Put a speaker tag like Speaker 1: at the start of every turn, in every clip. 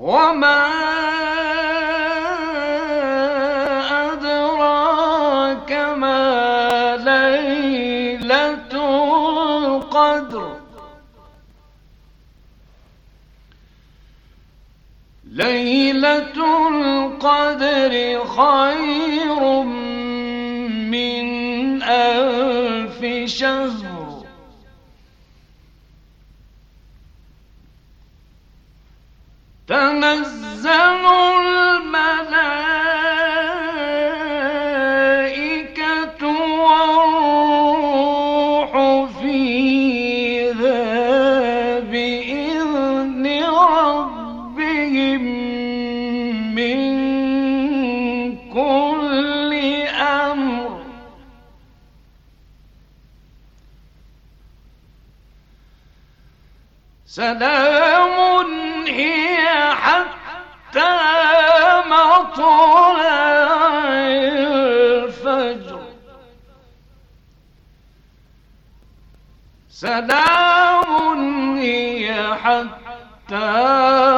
Speaker 1: وما أدراك ما ليلة القدر ليلة القدر خير سلام هي حتى مطلع الفجر سلام هي حتى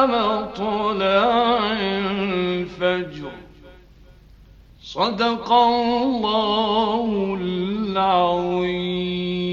Speaker 1: مطلع الفجر صدق الله العظيم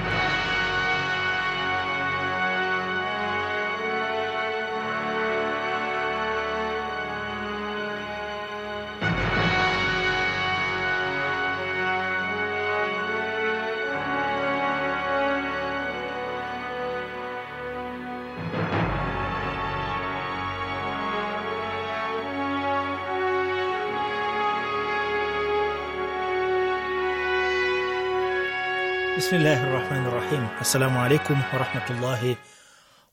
Speaker 2: Bismillahi rahmani rahim. Assalamu alaikum warahmatullahi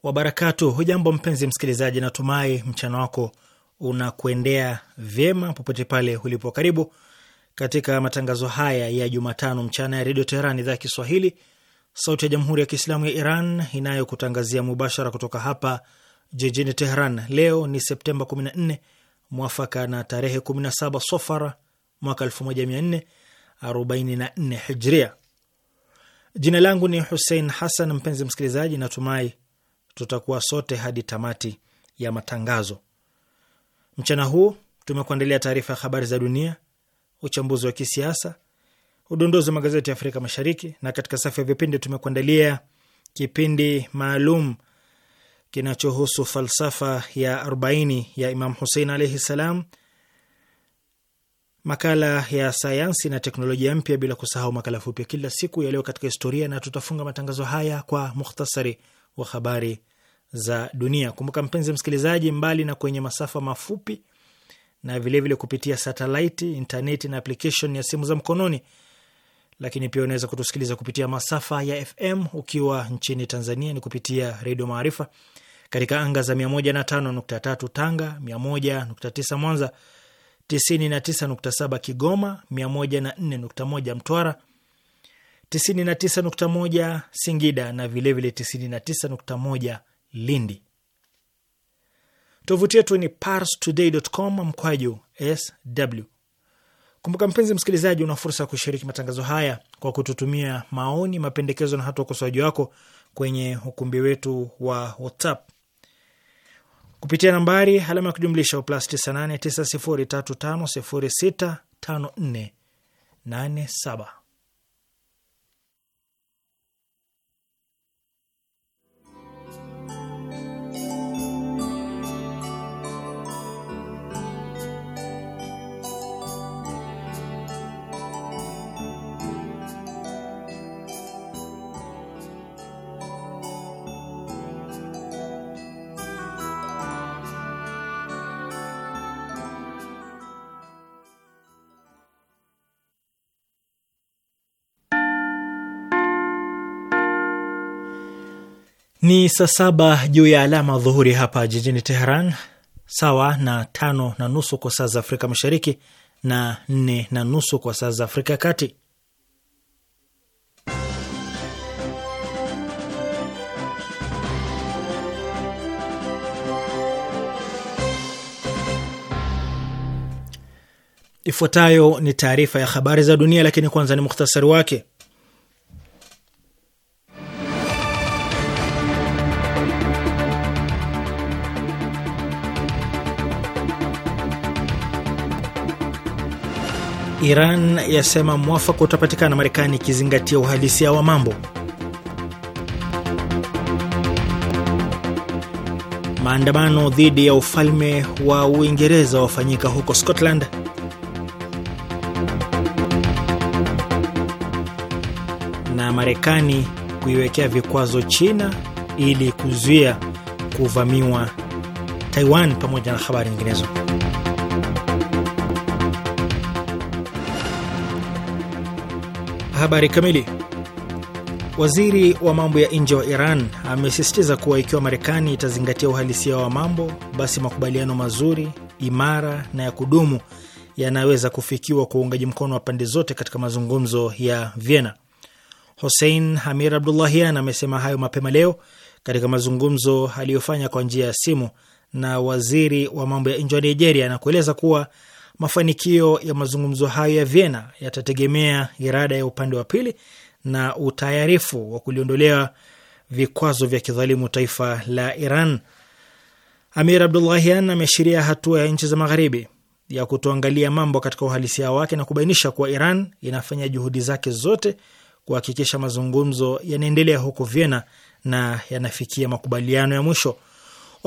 Speaker 2: wabarakatuh. Hujambo mpenzi msikilizaji, natumai mchana wako unakuendea vyema popote pale ulipo. Karibu katika matangazo haya ya Jumatano mchana ya Redio Teheran, idhaa ya Kiswahili, sauti ya Jamhuri ya Kiislamu ya Iran inayokutangazia mubashara kutoka hapa jijini Teheran. Leo ni Septemba 14 mwafaka na tarehe 17 Sofara mwaka 1444 hijria. Jina langu ni Hussein Hassan. Mpenzi msikilizaji, natumai tutakuwa sote hadi tamati ya matangazo mchana huu. Tumekuandalia taarifa ya habari za dunia, uchambuzi wa kisiasa, udondozi wa magazeti ya Afrika Mashariki, na katika safu ya vipindi tumekuandalia kipindi maalum kinachohusu falsafa ya arobaini ya Imam Husein alaihi salam makala ya sayansi na teknolojia mpya, bila kusahau makala fupi ya kila siku yaliyo katika historia, na tutafunga matangazo haya kwa mukhtasari wa habari za dunia. Kumbuka mpenzi msikilizaji, mbali na kwenye masafa mafupi na vilevile vile kupitia satelaiti, intaneti na application ya simu za mkononi, lakini pia unaweza kutusikiliza kupitia masafa ya FM ukiwa nchini Tanzania ni kupitia Redio Maarifa katika anga za 105.3 Tanga, 101.9 Mwanza, 99.7 Kigoma, 104.1 Mtwara, 99.1 Singida na vilevile 99.1 Lindi. Tovuti yetu ni parstoday.com mkwaju sw. Kumbuka mpenzi msikilizaji, una fursa ya kushiriki matangazo haya kwa kututumia maoni, mapendekezo na hata ukosoaji wako kwenye ukumbi wetu wa WhatsApp kupitia nambari alama ya kujumlisha plus 989035065487. Ni saa saba juu ya alama dhuhuri hapa jijini Teheran, sawa na tano na nusu kwa saa za Afrika Mashariki na nne na nusu kwa saa za Afrika ya Kati. Ifuatayo ni taarifa ya habari za dunia, lakini kwanza ni muhtasari wake. Iran yasema mwafaka utapatikana Marekani ikizingatia uhalisia wa mambo. Maandamano dhidi ya ufalme wa Uingereza wafanyika huko Scotland. Na Marekani kuiwekea vikwazo China ili kuzuia kuvamiwa Taiwan pamoja na habari nyinginezo. Habari kamili. Waziri wa mambo ya nje wa Iran amesisitiza kuwa ikiwa Marekani itazingatia uhalisia wa mambo, basi makubaliano mazuri, imara na ya kudumu yanaweza kufikiwa kwa uungaji mkono wa pande zote katika mazungumzo ya Vienna. Hussein Hamir Abdullahian amesema hayo mapema leo katika mazungumzo aliyofanya kwa njia ya simu na waziri wa mambo ya nje wa Nigeria na kueleza kuwa Mafanikio ya mazungumzo hayo ya Vienna yatategemea irada ya upande wa pili na utayarifu wa kuliondolea vikwazo vya kidhalimu taifa la Iran. Amir Abdullahian ameashiria hatua ya nchi za magharibi ya kutoangalia mambo katika uhalisia wake na kubainisha kuwa Iran inafanya juhudi zake zote kuhakikisha mazungumzo yanaendelea huko Vienna na yanafikia makubaliano ya mwisho.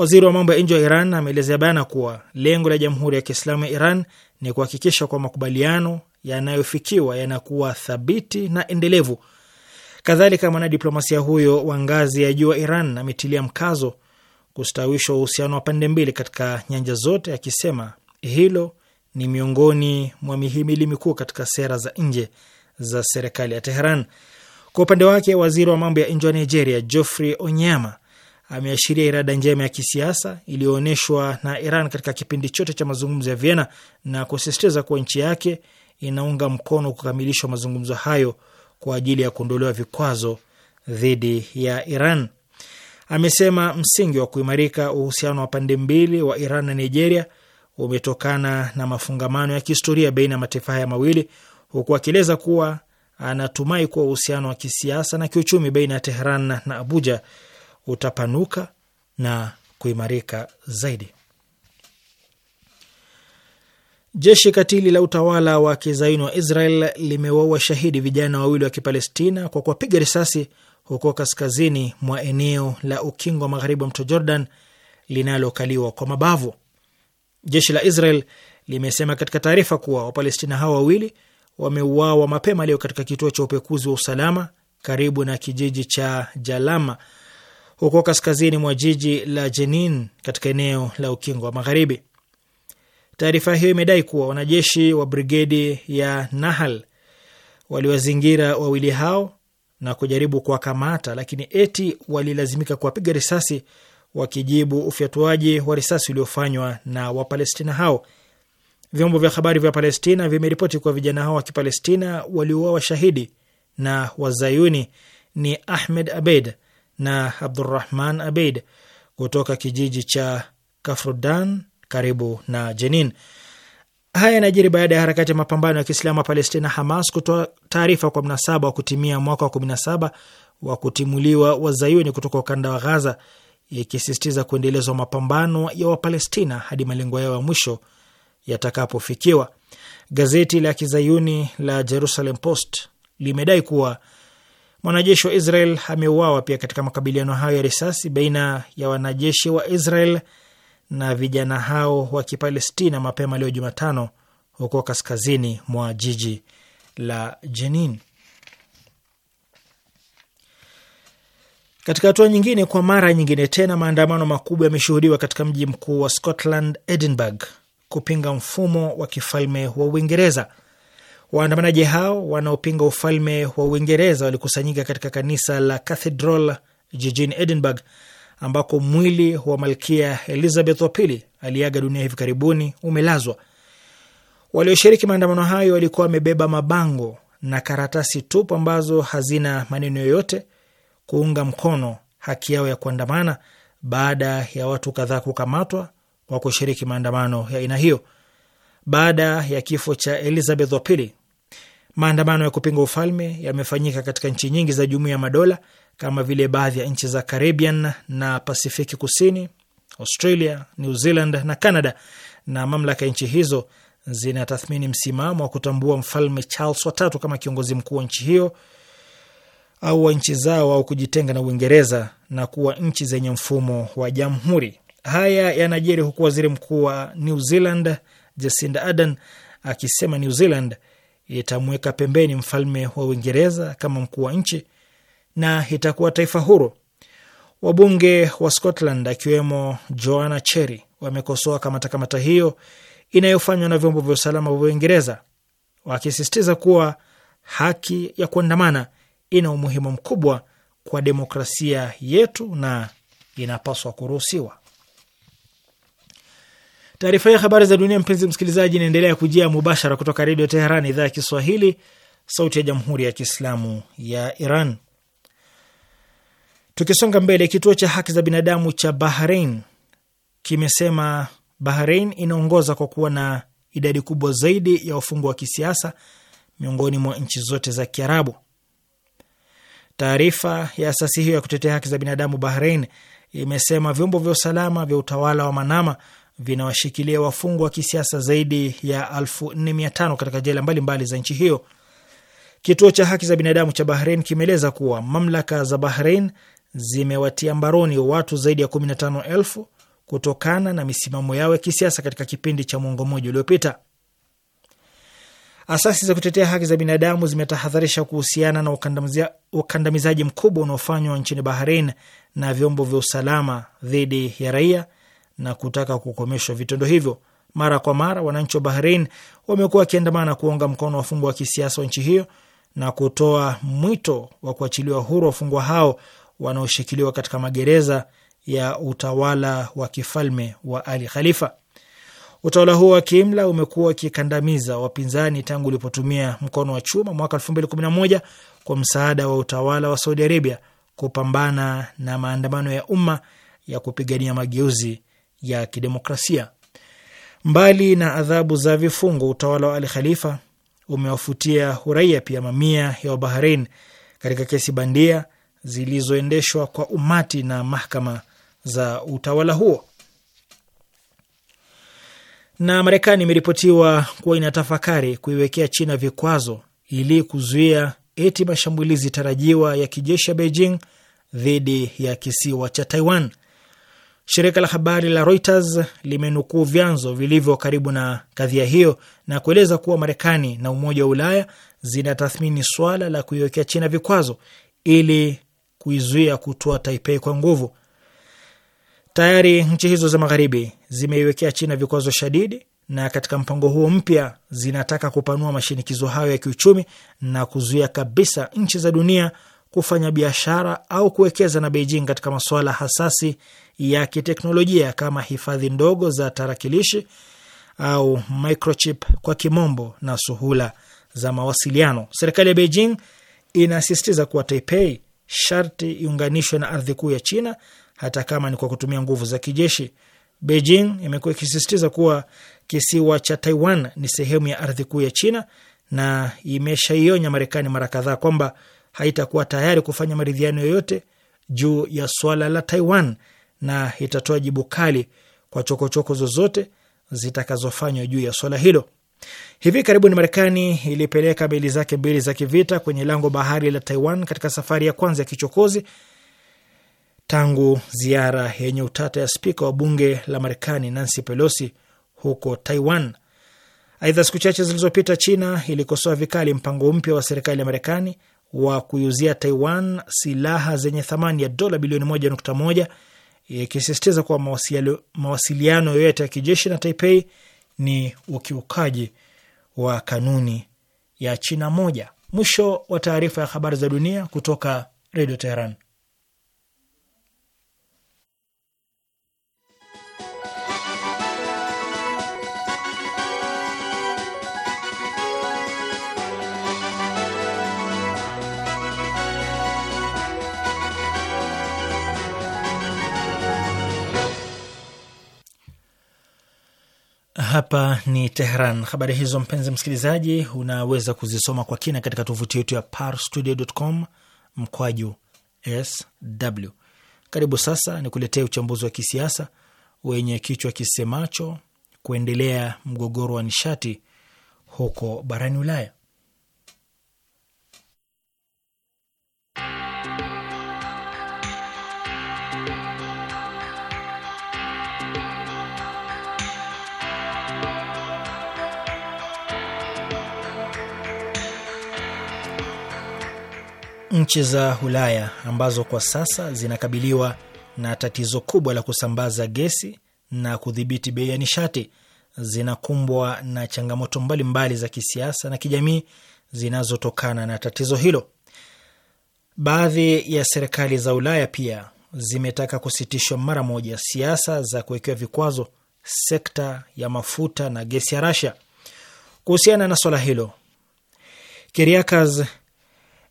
Speaker 2: Waziri wa mambo ya nje wa Iran ameelezea bayana kuwa lengo la Jamhuri ya Kiislamu ya Iran ni kuhakikisha kwa makubaliano yanayofikiwa yanakuwa thabiti na endelevu. Kadhalika, mwanadiplomasia huyo wa ngazi ya juu wa Iran ametilia mkazo kustawishwa uhusiano wa pande mbili katika nyanja zote, akisema hilo ni miongoni mwa mihimili mikuu katika sera za nje za serikali ya Teheran. Kwa upande wake, waziri wa mambo ya nje wa Nigeria Geoffrey Onyama ameashiria irada njema ya kisiasa iliyoonyeshwa na Iran katika kipindi chote cha mazungumzo ya Vienna na kusisitiza kuwa nchi yake inaunga mkono kukamilishwa mazungumzo hayo kwa ajili ya kuondolewa vikwazo dhidi ya Iran. Amesema msingi wa kuimarika uhusiano wa pande mbili wa Iran na Nigeria umetokana na mafungamano ya kihistoria baina ya mataifa haya mawili, huku akieleza kuwa anatumai kuwa uhusiano wa kisiasa na kiuchumi baina ya Tehran na Abuja utapanuka na kuimarika zaidi. Jeshi katili la utawala wa kizaini wa Israel limewaua shahidi vijana wawili wa Kipalestina kwa kuwapiga risasi huko kaskazini mwa eneo la ukingo wa magharibi wa mto Jordan linalokaliwa kwa mabavu. Jeshi la Israel limesema katika taarifa kuwa Wapalestina hao wawili wameuawa mapema leo katika kituo cha upekuzi wa usalama karibu na kijiji cha Jalama huko kaskazini mwa jiji la Jenin katika eneo la ukingo wa Magharibi. Taarifa hiyo imedai kuwa wanajeshi wa brigedi ya Nahal waliwazingira wawili hao na kujaribu kuwakamata, lakini eti walilazimika kuwapiga risasi wakijibu ufyatuaji wa risasi uliofanywa na Wapalestina hao. Vyombo vya habari vya Palestina vimeripoti kuwa vijana hao wa Kipalestina waliuawa shahidi na Wazayuni ni Ahmed Abeid na Abdurahman Abeid kutoka kijiji cha Kafrudan karibu na Jenin. Haya yanajiri baada ya harakati ya mapambano ya Kiislamu ya Palestina, Hamas, kutoa taarifa kwa mnasaba wa kutimia mwaka wa 17 wa kutimuliwa wazayuni kutoka ukanda wa Ghaza, ikisisitiza kuendelezwa mapambano ya Wapalestina hadi malengo yao ya mwisho yatakapofikiwa. Gazeti la kizayuni la Jerusalem Post limedai kuwa Mwanajeshi wa Israel ameuawa pia katika makabiliano hayo ya risasi baina ya wanajeshi wa Israel na vijana hao wa Kipalestina mapema leo Jumatano huko kaskazini mwa jiji la Jenin. Katika hatua nyingine, kwa mara nyingine tena maandamano makubwa yameshuhudiwa katika mji mkuu wa Scotland, Edinburgh, kupinga mfumo wa kifalme wa Uingereza. Waandamanaji hao wanaopinga ufalme wa Uingereza walikusanyika katika kanisa la Cathedral jijini Edinburgh, ambako mwili wa malkia Elizabeth wa pili aliaga dunia hivi karibuni umelazwa. Walioshiriki maandamano hayo walikuwa wamebeba mabango na karatasi tupu ambazo hazina maneno yoyote kuunga mkono haki yao ya kuandamana baada ya watu kadhaa kukamatwa kwa kushiriki maandamano ya aina hiyo. Baada ya kifo cha Elizabeth wa pili, Maandamano ya kupinga ufalme yamefanyika katika nchi nyingi za Jumuiya ya Madola kama vile baadhi ya nchi za Caribbean na Pasifiki Kusini, Australia, New Zealand na Canada, na mamlaka ya nchi hizo zinatathmini msimamo wa kutambua mfalme Charles watatu kama kiongozi mkuu wa nchi hiyo au wa nchi zao au kujitenga na Uingereza na kuwa nchi zenye mfumo wa jamhuri. Haya yanajiri huku waziri mkuu wa New Zealand Jacinda Ardern akisema New Zealand itamweka pembeni mfalme wa Uingereza kama mkuu wa nchi na itakuwa taifa huru. Wabunge wa Scotland akiwemo Joanna Cherry wamekosoa kamatakamata hiyo inayofanywa na vyombo vya usalama vya Uingereza, wakisisitiza kuwa haki ya kuandamana ina umuhimu mkubwa kwa demokrasia yetu na inapaswa kuruhusiwa. Taarifa ya habari za dunia, mpenzi msikilizaji, inaendelea kujia mubashara kutoka Redio Teheran, idhaa ya Kiswahili, sauti ya jamhuri ya kiislamu ya Iran. Tukisonga mbele, kituo cha haki za binadamu cha Bahrain kimesema Bahrain inaongoza kwa kuwa na idadi kubwa zaidi ya wafungwa wa kisiasa miongoni mwa nchi zote za Kiarabu. Taarifa ya asasi hiyo ya kutetea haki za binadamu Bahrain imesema vyombo vya usalama vya utawala wa Manama vinawashikilia wafungwa wa kisiasa zaidi ya 4500 katika jela mbalimbali za nchi hiyo. Kituo cha haki za binadamu cha Bahrain kimeeleza kuwa mamlaka za Bahrain zimewatia mbaroni watu zaidi ya 15000 kutokana na misimamo yao ya kisiasa katika kipindi cha mwongo mmoja uliopita. Asasi za kutetea haki za binadamu zimetahadharisha kuhusiana na ukandamizaji mkubwa unaofanywa nchini Bahrain na vyombo vya usalama dhidi ya raia na kutaka kukomeshwa vitendo hivyo. Mara kwa mara wananchi wa Bahrein wamekuwa wakiandamana kuunga mkono wafungwa wa kisiasa wa nchi hiyo na kutoa mwito wa kuachiliwa huru wafungwa hao wanaoshikiliwa katika magereza ya utawala wa kifalme wa Ali Khalifa. Utawala huo wa kiimla umekuwa ukikandamiza wapinzani tangu ulipotumia mkono wa chuma mwaka elfu mbili kumi na moja kwa msaada wa utawala wa Saudi Arabia kupambana na maandamano ya umma ya kupigania mageuzi ya kidemokrasia. Mbali na adhabu za vifungo, utawala wa Al Khalifa umewafutia uraia pia mamia ya Wabahrein katika kesi bandia zilizoendeshwa kwa umati na mahakama za utawala huo. Na Marekani imeripotiwa kuwa inatafakari kuiwekea China vikwazo ili kuzuia eti mashambulizi tarajiwa ya kijeshi ya Beijing dhidi ya kisiwa cha Taiwan. Shirika la habari la Reuters limenukuu vyanzo vilivyo karibu na kadhia hiyo na kueleza kuwa Marekani na Umoja wa Ulaya zinatathmini swala la kuiwekea China vikwazo ili kuizuia kutoa Taipei kwa nguvu. Tayari nchi hizo za magharibi zimeiwekea China vikwazo shadidi, na katika mpango huo mpya zinataka kupanua mashinikizo hayo ya kiuchumi na kuzuia kabisa nchi za dunia kufanya biashara au kuwekeza na Beijing katika masuala hasasi ya kiteknolojia kama hifadhi ndogo za tarakilishi au microchip kwa kimombo na suhula za mawasiliano. Serikali ya Beijing inasisitiza kuwa Taipei sharti iunganishwe na ardhi kuu ya China hata kama ni kwa kutumia nguvu za kijeshi. Beijing imekuwa ikisisitiza kuwa kisiwa cha Taiwan ni sehemu ya ardhi kuu ya China na imeshaionya Marekani mara kadhaa kwamba haitakuwa tayari kufanya maridhiano yoyote juu ya swala la Taiwan na itatoa jibu kali kwa chokochoko zozote zitakazofanywa juu ya swala hilo. Hivi karibuni Marekani ilipeleka meli zake mbili za kivita kwenye lango bahari la Taiwan katika safari ya kwanza ya kichokozi tangu ziara yenye utata ya spika wa bunge la Marekani Nancy Pelosi huko Taiwan. Aidha, siku chache zilizopita China ilikosoa vikali mpango mpya wa serikali ya Marekani wa kuiuzia Taiwan silaha zenye thamani ya dola bilioni moja nukta moja ikisisitiza kuwa mawasiliano yoyote ya kijeshi na Taipei ni ukiukaji wa kanuni ya China moja. Mwisho wa taarifa ya habari za dunia kutoka Redio Teheran. hapa ni Tehran. Habari hizo mpenzi msikilizaji, unaweza kuzisoma kwa kina katika tovuti yetu ya parstudio.com mkwaju sw. Karibu sasa ni kuletea uchambuzi wa kisiasa wenye kichwa kisemacho kuendelea mgogoro wa nishati huko barani Ulaya. nchi za Ulaya ambazo kwa sasa zinakabiliwa na tatizo kubwa la kusambaza gesi na kudhibiti bei ya nishati zinakumbwa na changamoto mbalimbali mbali za kisiasa na kijamii zinazotokana na tatizo hilo. Baadhi ya serikali za Ulaya pia zimetaka kusitishwa mara moja siasa za kuwekewa vikwazo sekta ya mafuta na gesi ya Russia. Kuhusiana na swala hilo, Kiriakas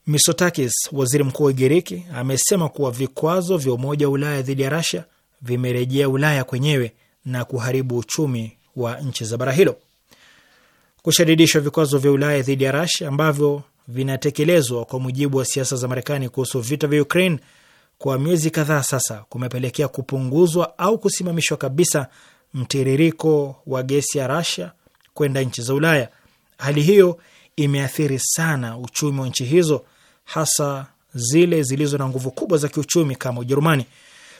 Speaker 2: Misotakis, waziri mkuu wa Ugiriki, amesema kuwa vikwazo vya Umoja wa Ulaya dhidi ya Rasia vimerejea Ulaya kwenyewe na kuharibu uchumi wa nchi za bara hilo. Kushadidishwa vikwazo vya Ulaya dhidi ya Rasia ambavyo vinatekelezwa kwa mujibu wa siasa za Marekani kuhusu vita vya Ukraine kwa miezi kadhaa sasa kumepelekea kupunguzwa au kusimamishwa kabisa mtiririko wa gesi ya Rasia kwenda nchi za Ulaya. Hali hiyo imeathiri sana uchumi wa nchi hizo, hasa zile zilizo na nguvu kubwa za kiuchumi kama Ujerumani.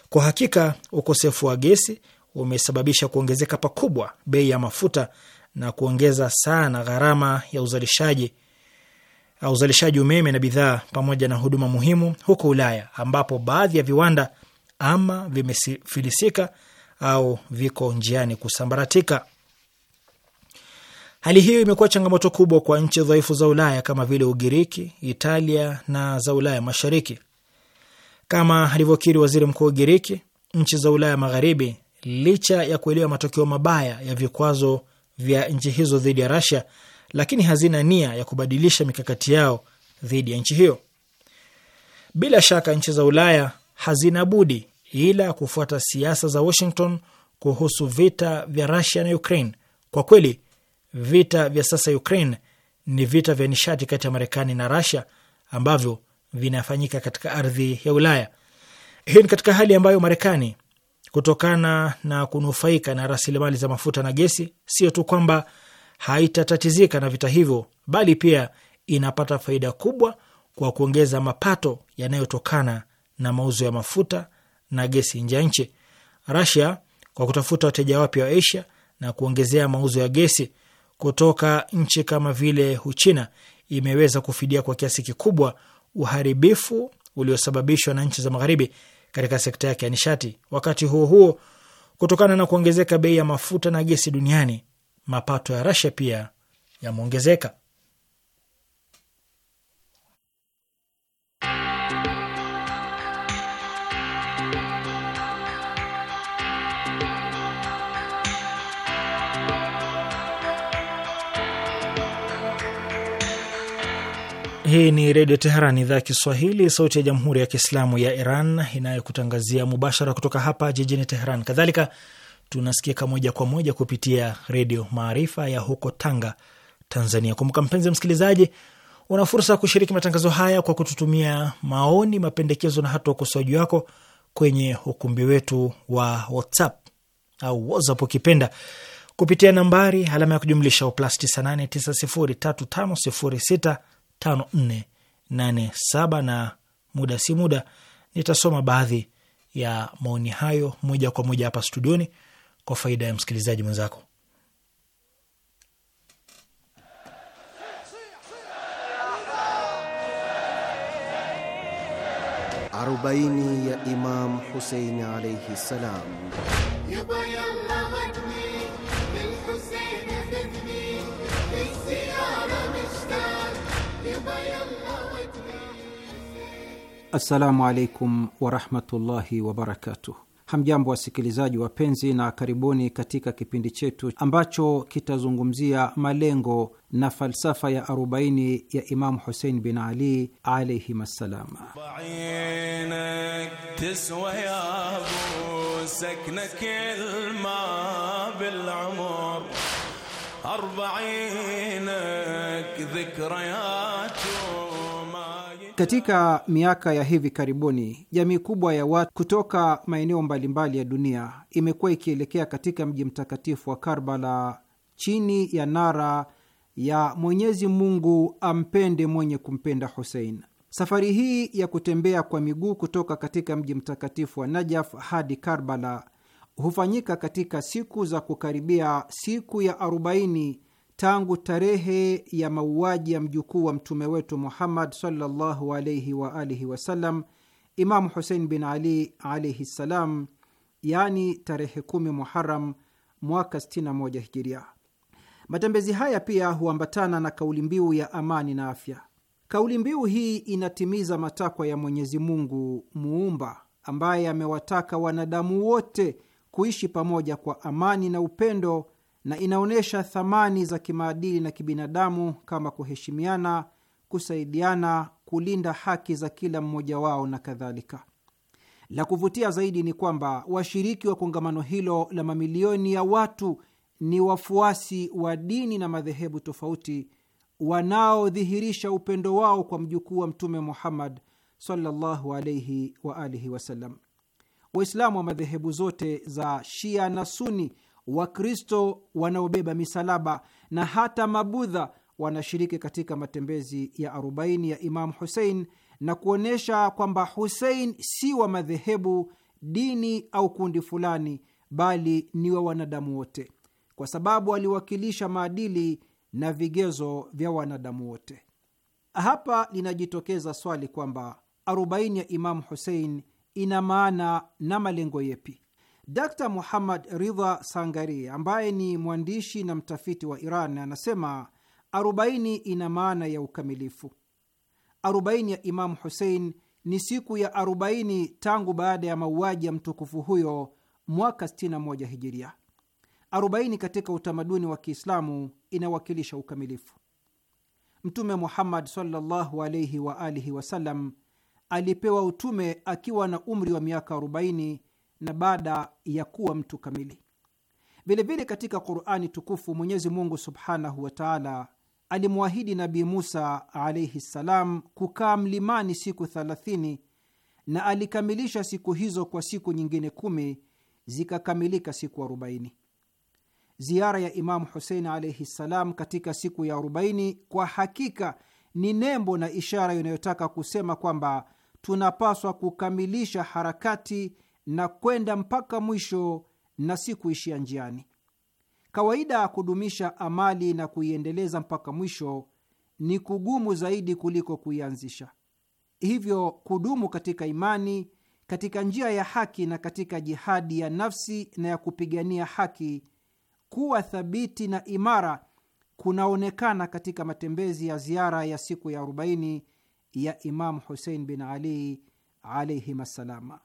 Speaker 2: Kwa hakika, ukosefu wa gesi umesababisha kuongezeka pakubwa bei ya mafuta na kuongeza sana gharama ya uzalishaji uzalishaji umeme na bidhaa pamoja na huduma muhimu huko Ulaya, ambapo baadhi ya viwanda ama vimefilisika au viko njiani kusambaratika. Hali hiyo imekuwa changamoto kubwa kwa nchi dhaifu za Ulaya kama vile Ugiriki, Italia na za Ulaya Mashariki. Kama alivyokiri waziri mkuu wa Ugiriki, nchi za Ulaya Magharibi, licha ya kuelewa matokeo mabaya ya vikwazo vya nchi hizo dhidi ya rasia lakini hazina nia ya kubadilisha mikakati yao dhidi ya nchi hiyo. Bila shaka nchi za Ulaya hazina budi ila kufuata siasa za Washington kuhusu vita vya rasia na Ukraine. Kwa kweli vita vya sasa Ukraine ni vita vya nishati kati ya Marekani na Rasia ambavyo vinafanyika katika ardhi ya Ulaya. Hii ni katika hali ambayo Marekani, kutokana na kunufaika na rasilimali za mafuta na gesi, sio tu kwamba haitatatizika na vita hivyo, bali pia inapata faida kubwa kwa kuongeza mapato yanayotokana na mauzo ya mafuta na gesi nje ya nchi. Rasia, kwa kutafuta wateja wapya wa Asia na kuongezea mauzo ya gesi kutoka nchi kama vile Uchina imeweza kufidia kwa kiasi kikubwa uharibifu uliosababishwa na nchi za magharibi katika sekta yake ya nishati. Wakati huo huo, kutokana na kuongezeka bei ya mafuta na gesi duniani, mapato ya Russia pia yameongezeka. Hii ni Redio Teheran, idhaa ya Kiswahili, sauti ya Jamhuri ya Kiislamu ya Iran inayokutangazia mubashara kutoka hapa jijini Teheran. Kadhalika tunasikika moja kwa moja kupitia Redio Maarifa ya huko Tanga, Tanzania. Kumbuka mpenzi msikilizaji, una fursa ya kushiriki matangazo haya kwa kututumia maoni, mapendekezo na hata ukosoaji wako kwenye ukumbi wetu wa WhatsApp au WhatsApp ukipenda kupitia nambari alama ya kujumlisha plus 98903506 5487 na muda si muda nitasoma baadhi ya maoni hayo moja kwa moja hapa studioni kwa faida ya msikilizaji mwenzako.
Speaker 3: Arobaini ya Imam Husein alaihi salam. Assalamu alaikum warahmatullahi wabarakatuh. Hamjambo wasikilizaji wapenzi, na karibuni katika kipindi chetu ambacho kitazungumzia malengo na falsafa ya 40 ya Imamu Husein bin Ali alaihim assalam. Katika miaka ya hivi karibuni, jamii kubwa ya watu kutoka maeneo mbalimbali ya dunia imekuwa ikielekea katika mji mtakatifu wa Karbala chini ya nara ya Mwenyezi Mungu ampende mwenye kumpenda Husein. Safari hii ya kutembea kwa miguu kutoka katika mji mtakatifu wa Najaf hadi Karbala hufanyika katika siku za kukaribia siku ya arobaini tangu tarehe ya mauaji ya mjukuu wa mtume wetu Muhammad sallallahu alaihi wa alihi wasallam, Imamu Husein bin Ali alaihi ssalam, yani tarehe kumi Muharam mwaka 61 Hijiria. Matembezi haya pia huambatana na kauli mbiu ya amani na afya. Kauli mbiu hii inatimiza matakwa ya Mwenyezi Mungu Muumba, ambaye amewataka wanadamu wote kuishi pamoja kwa amani na upendo na inaonyesha thamani za kimaadili na kibinadamu kama kuheshimiana, kusaidiana, kulinda haki za kila mmoja wao na kadhalika. La kuvutia zaidi ni kwamba washiriki wa kongamano hilo la mamilioni ya watu ni wafuasi wa dini na madhehebu tofauti wanaodhihirisha upendo wao kwa mjukuu wa Mtume Muhammad sallallahu alaihi wa alihi wasallam. Waislamu wa madhehebu zote za Shia na Suni Wakristo wanaobeba misalaba na hata mabudha wanashiriki katika matembezi ya arobaini ya Imamu Husein na kuonyesha kwamba Husein si wa madhehebu, dini au kundi fulani, bali ni wa wanadamu wote, kwa sababu aliwakilisha maadili na vigezo vya wanadamu wote. Hapa linajitokeza swali kwamba arobaini ya Imamu Husein ina maana na malengo yepi? Dr Muhammad Ridha Sangari, ambaye ni mwandishi na mtafiti wa Iran, anasema arobaini ina maana ya ukamilifu. Arobaini ya Imamu Husein ni siku ya arobaini tangu baada ya mauaji ya mtukufu huyo mwaka 61 Hijiria. Arobaini katika utamaduni wa Kiislamu inawakilisha ukamilifu. Mtume Muhammad sallallahu alaihi wa alihi wasallam alipewa utume akiwa na umri wa miaka na baada ya kuwa mtu kamili. Vilevile katika Qurani tukufu Mwenyezi Mungu subhanahu wa taala alimwahidi Nabii Musa alaihi ssalam kukaa mlimani siku thalathini na alikamilisha siku hizo kwa siku nyingine kumi zikakamilika siku arobaini. Ziara ya Imamu Husein alaihi ssalam katika siku ya arobaini kwa hakika ni nembo na ishara inayotaka kusema kwamba tunapaswa kukamilisha harakati na kwenda mpaka mwisho na si kuishia njiani. Kawaida ya kudumisha amali na kuiendeleza mpaka mwisho ni kugumu zaidi kuliko kuianzisha. Hivyo kudumu katika imani, katika njia ya haki na katika jihadi ya nafsi na ya kupigania haki, kuwa thabiti na imara kunaonekana katika matembezi ya ziara ya siku ya 40 ya Imamu Husein bin Ali alaihim assalama.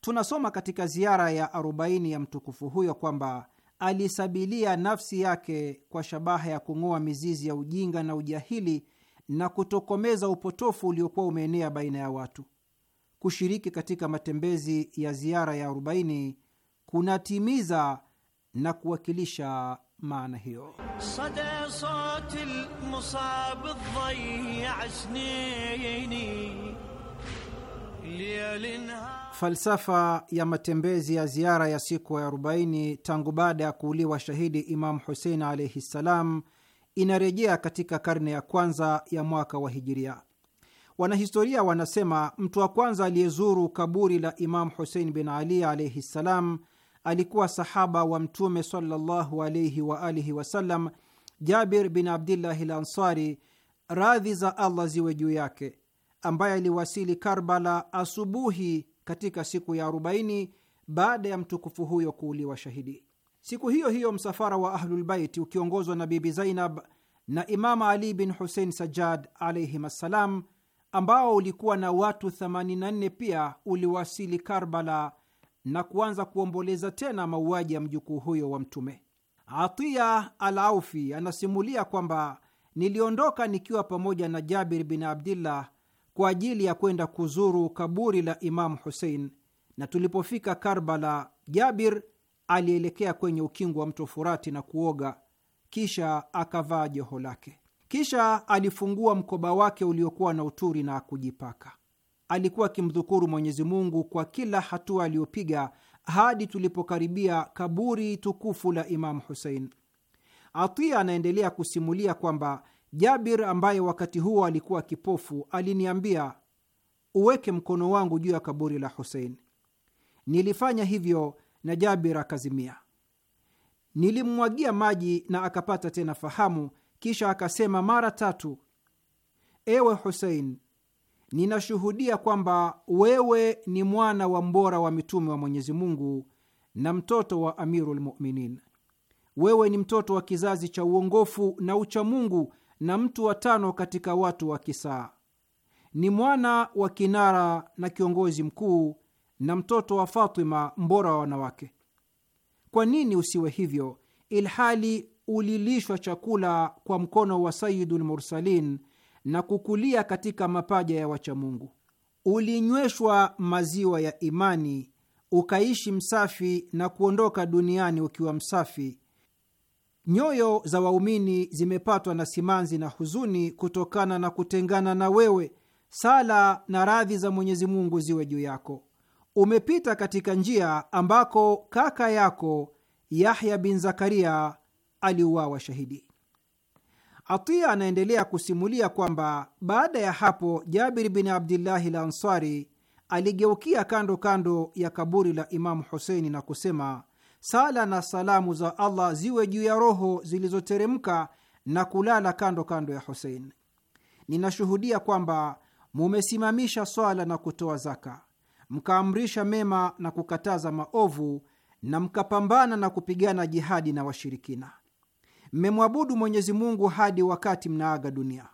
Speaker 3: Tunasoma katika ziara ya arobaini ya mtukufu huyo kwamba alisabilia nafsi yake kwa shabaha ya kung'oa mizizi ya ujinga na ujahili na kutokomeza upotofu uliokuwa umeenea baina ya watu. Kushiriki katika matembezi ya ziara ya arobaini kunatimiza na kuwakilisha maana hiyo. Falsafa ya matembezi ya ziara ya siku ya 40 tangu baada ya kuuliwa shahidi Imamu Husein alaihi ssalam inarejea katika karne ya kwanza ya mwaka wa Hijiria. Wanahistoria wanasema mtu wa kwanza aliyezuru kaburi la Imamu Husein bin Ali alaihi ssalam alikuwa sahaba wa Mtume sallallahu alaihi alihi wasallam, Jabir bin Abdillahi Lansari, radhi za Allah ziwe juu yake ambaye aliwasili Karbala asubuhi katika siku ya 40 baada ya mtukufu huyo kuuliwa shahidi. Siku hiyo hiyo msafara wa Ahlulbaiti ukiongozwa na Bibi Zainab na Imama Ali bin Husein Sajjad alaihim assalam, ambao ulikuwa na watu 84 pia uliwasili Karbala na kuanza kuomboleza tena mauaji ya mjukuu huyo wa Mtume. Atiya al Aufi anasimulia kwamba niliondoka nikiwa pamoja na Jabir bin Abdillah kwa ajili ya kwenda kuzuru kaburi la Imamu Husein, na tulipofika Karbala, Jabir alielekea kwenye ukingo wa mto Furati na kuoga, kisha akavaa joho lake. Kisha alifungua mkoba wake uliokuwa na uturi na kujipaka. Alikuwa akimdhukuru Mwenyezi Mungu kwa kila hatua aliyopiga hadi tulipokaribia kaburi tukufu la Imamu Husein. Atia anaendelea kusimulia kwamba Jabir ambaye wakati huo alikuwa kipofu aliniambia, uweke mkono wangu juu ya kaburi la Husein. Nilifanya hivyo na Jabir akazimia. nilimmwagia maji na akapata tena fahamu, kisha akasema mara tatu, ewe Husein, ninashuhudia kwamba wewe ni mwana wa mbora wa mitume wa Mwenyezi Mungu na mtoto wa Amirul Muminin. Wewe ni mtoto wa kizazi cha uongofu na uchamungu na mtu wa tano katika watu wa Kisaa. Ni mwana wa kinara na kiongozi mkuu na mtoto wa Fatima, mbora wa wanawake. Kwa nini usiwe hivyo, ilhali ulilishwa chakula kwa mkono wa Sayidul Mursalin na kukulia katika mapaja ya wachamungu? Ulinyweshwa maziwa ya imani, ukaishi msafi na kuondoka duniani ukiwa msafi Nyoyo za waumini zimepatwa na simanzi na huzuni kutokana na kutengana na wewe. Sala na radhi za Mwenyezi Mungu ziwe juu yako. Umepita katika njia ambako kaka yako Yahya bin Zakaria aliuawa shahidi. Atia anaendelea kusimulia kwamba baada ya hapo Jabiri bin Abdillahi la Ansari aligeukia kando kando ya kaburi la Imamu Huseini na kusema Sala na salamu za Allah ziwe juu ya roho zilizoteremka na kulala kando kando ya Husein. Ninashuhudia kwamba mumesimamisha swala na kutoa zaka, mkaamrisha mema na kukataza maovu, na mkapambana na kupigana jihadi na washirikina. Mmemwabudu Mwenyezi Mungu hadi wakati mnaaga dunia.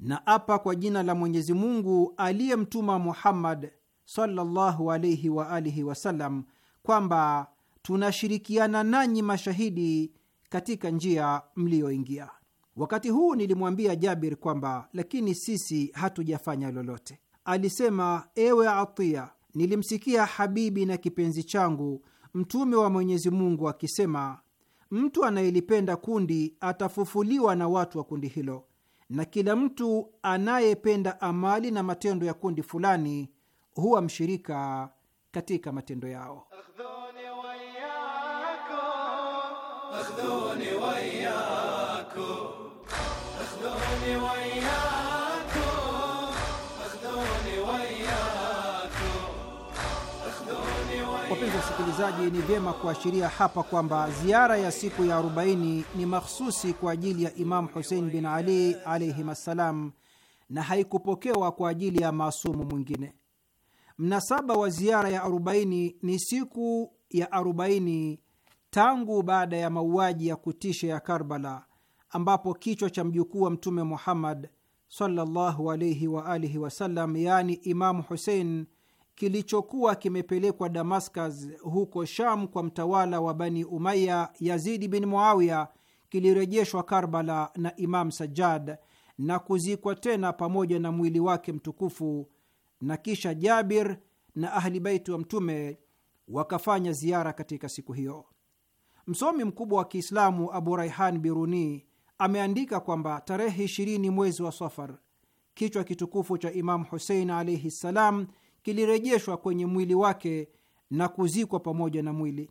Speaker 3: Na apa kwa jina la Mwenyezi Mungu aliyemtuma Muhammad sallallahu alaihi wa alihi wasallam kwamba tunashirikiana nanyi mashahidi katika njia mliyoingia. Wakati huu nilimwambia Jabir kwamba lakini sisi hatujafanya lolote. Alisema, ewe Atia, nilimsikia habibi na kipenzi changu Mtume wa Mwenyezi Mungu akisema, mtu anayelipenda kundi atafufuliwa na watu wa kundi hilo, na kila mtu anayependa amali na matendo ya kundi fulani huwa mshirika katika matendo yao. Wapenzi wasikilizaji, ni vyema kuashiria hapa kwamba ziara ya siku ya 40 ni mahsusi kwa ajili ya Imamu Husein bin Ali alaihim assalam na haikupokewa kwa ajili ya maasumu mwingine. Mnasaba wa ziara ya 40 ni siku ya tangu baada ya mauaji ya kutisha ya Karbala, ambapo kichwa cha mjukuu wa Mtume Muhammad sallallahu alaihi wa alihi wasallam, yaani Imamu Husein, kilichokuwa kimepelekwa Damascus huko Sham kwa mtawala wa Bani Umaya Yazidi bin Muawiya kilirejeshwa Karbala na Imam Sajjad na kuzikwa tena pamoja na mwili wake mtukufu, na kisha Jabir na Ahli Baiti wa Mtume wakafanya ziara katika siku hiyo. Msomi mkubwa wa Kiislamu Abu Raihan Biruni ameandika kwamba tarehe 20 mwezi wa Safar, kichwa kitukufu cha Imamu Husein alaihi ssalam kilirejeshwa kwenye mwili wake na kuzikwa pamoja na mwili,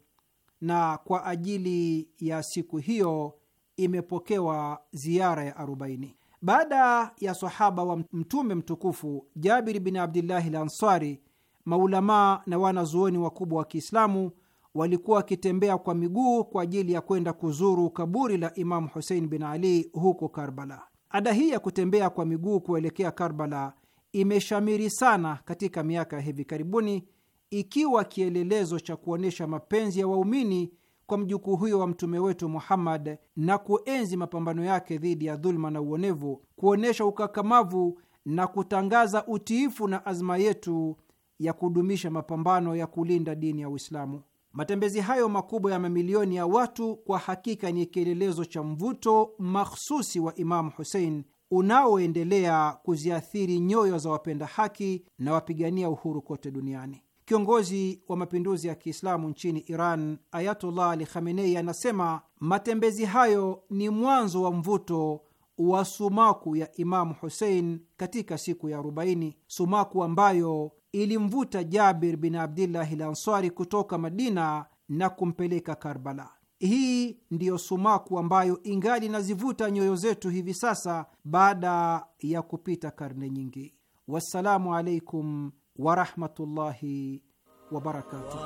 Speaker 3: na kwa ajili ya siku hiyo imepokewa ziara ya arobaini baada ya sahaba wa Mtume mtukufu Jabiri bin Abdillahi Lansari, maulamaa na wanazuoni wakubwa wa Kiislamu walikuwa wakitembea kwa miguu kwa ajili ya kwenda kuzuru kaburi la Imamu Husein bin Ali huko Karbala. Ada hii ya kutembea kwa miguu kuelekea Karbala imeshamiri sana katika miaka ya hivi karibuni, ikiwa kielelezo cha kuonyesha mapenzi ya waumini kwa mjukuu huyo wa mtume wetu Muhammad na kuenzi mapambano yake dhidi ya dhuluma na uonevu, kuonyesha ukakamavu na kutangaza utiifu na azma yetu ya kudumisha mapambano ya kulinda dini ya Uislamu. Matembezi hayo makubwa ya mamilioni ya watu kwa hakika ni kielelezo cha mvuto makhususi wa Imamu Husein unaoendelea kuziathiri nyoyo za wapenda haki na wapigania uhuru kote duniani. Kiongozi wa mapinduzi ya Kiislamu nchini Iran, Ayatullah Ali Khamenei, anasema matembezi hayo ni mwanzo wa mvuto wa sumaku ya Imamu Husein katika siku ya arobaini, sumaku ambayo ilimvuta Jabir bin Abdillahi Lansari kutoka Madina na kumpeleka Karbala. Hii ndiyo sumaku ambayo ingali inazivuta nyoyo zetu hivi sasa baada ya kupita karne nyingi. Wassalamu alaikum warahmatullahi wabarakatuh.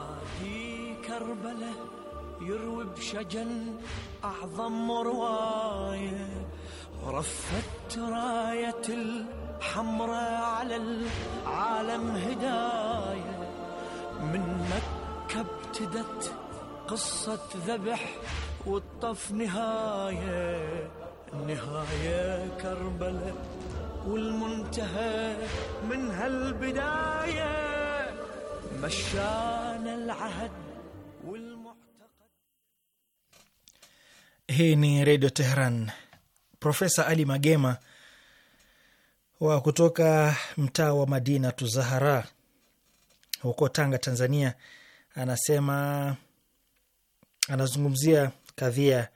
Speaker 1: حمرة على العالم هداية من مكة ابتدت قصة ذبح والطف نهاية النهاية كربلة والمنتهى من هالبداية مشان العهد والمعتقد
Speaker 2: Hii ni Redio بروفيسور Profesa Ali Magema wa kutoka mtaa wa Madina Tuzahara huko Tanga, Tanzania, anasema anazungumzia kadhia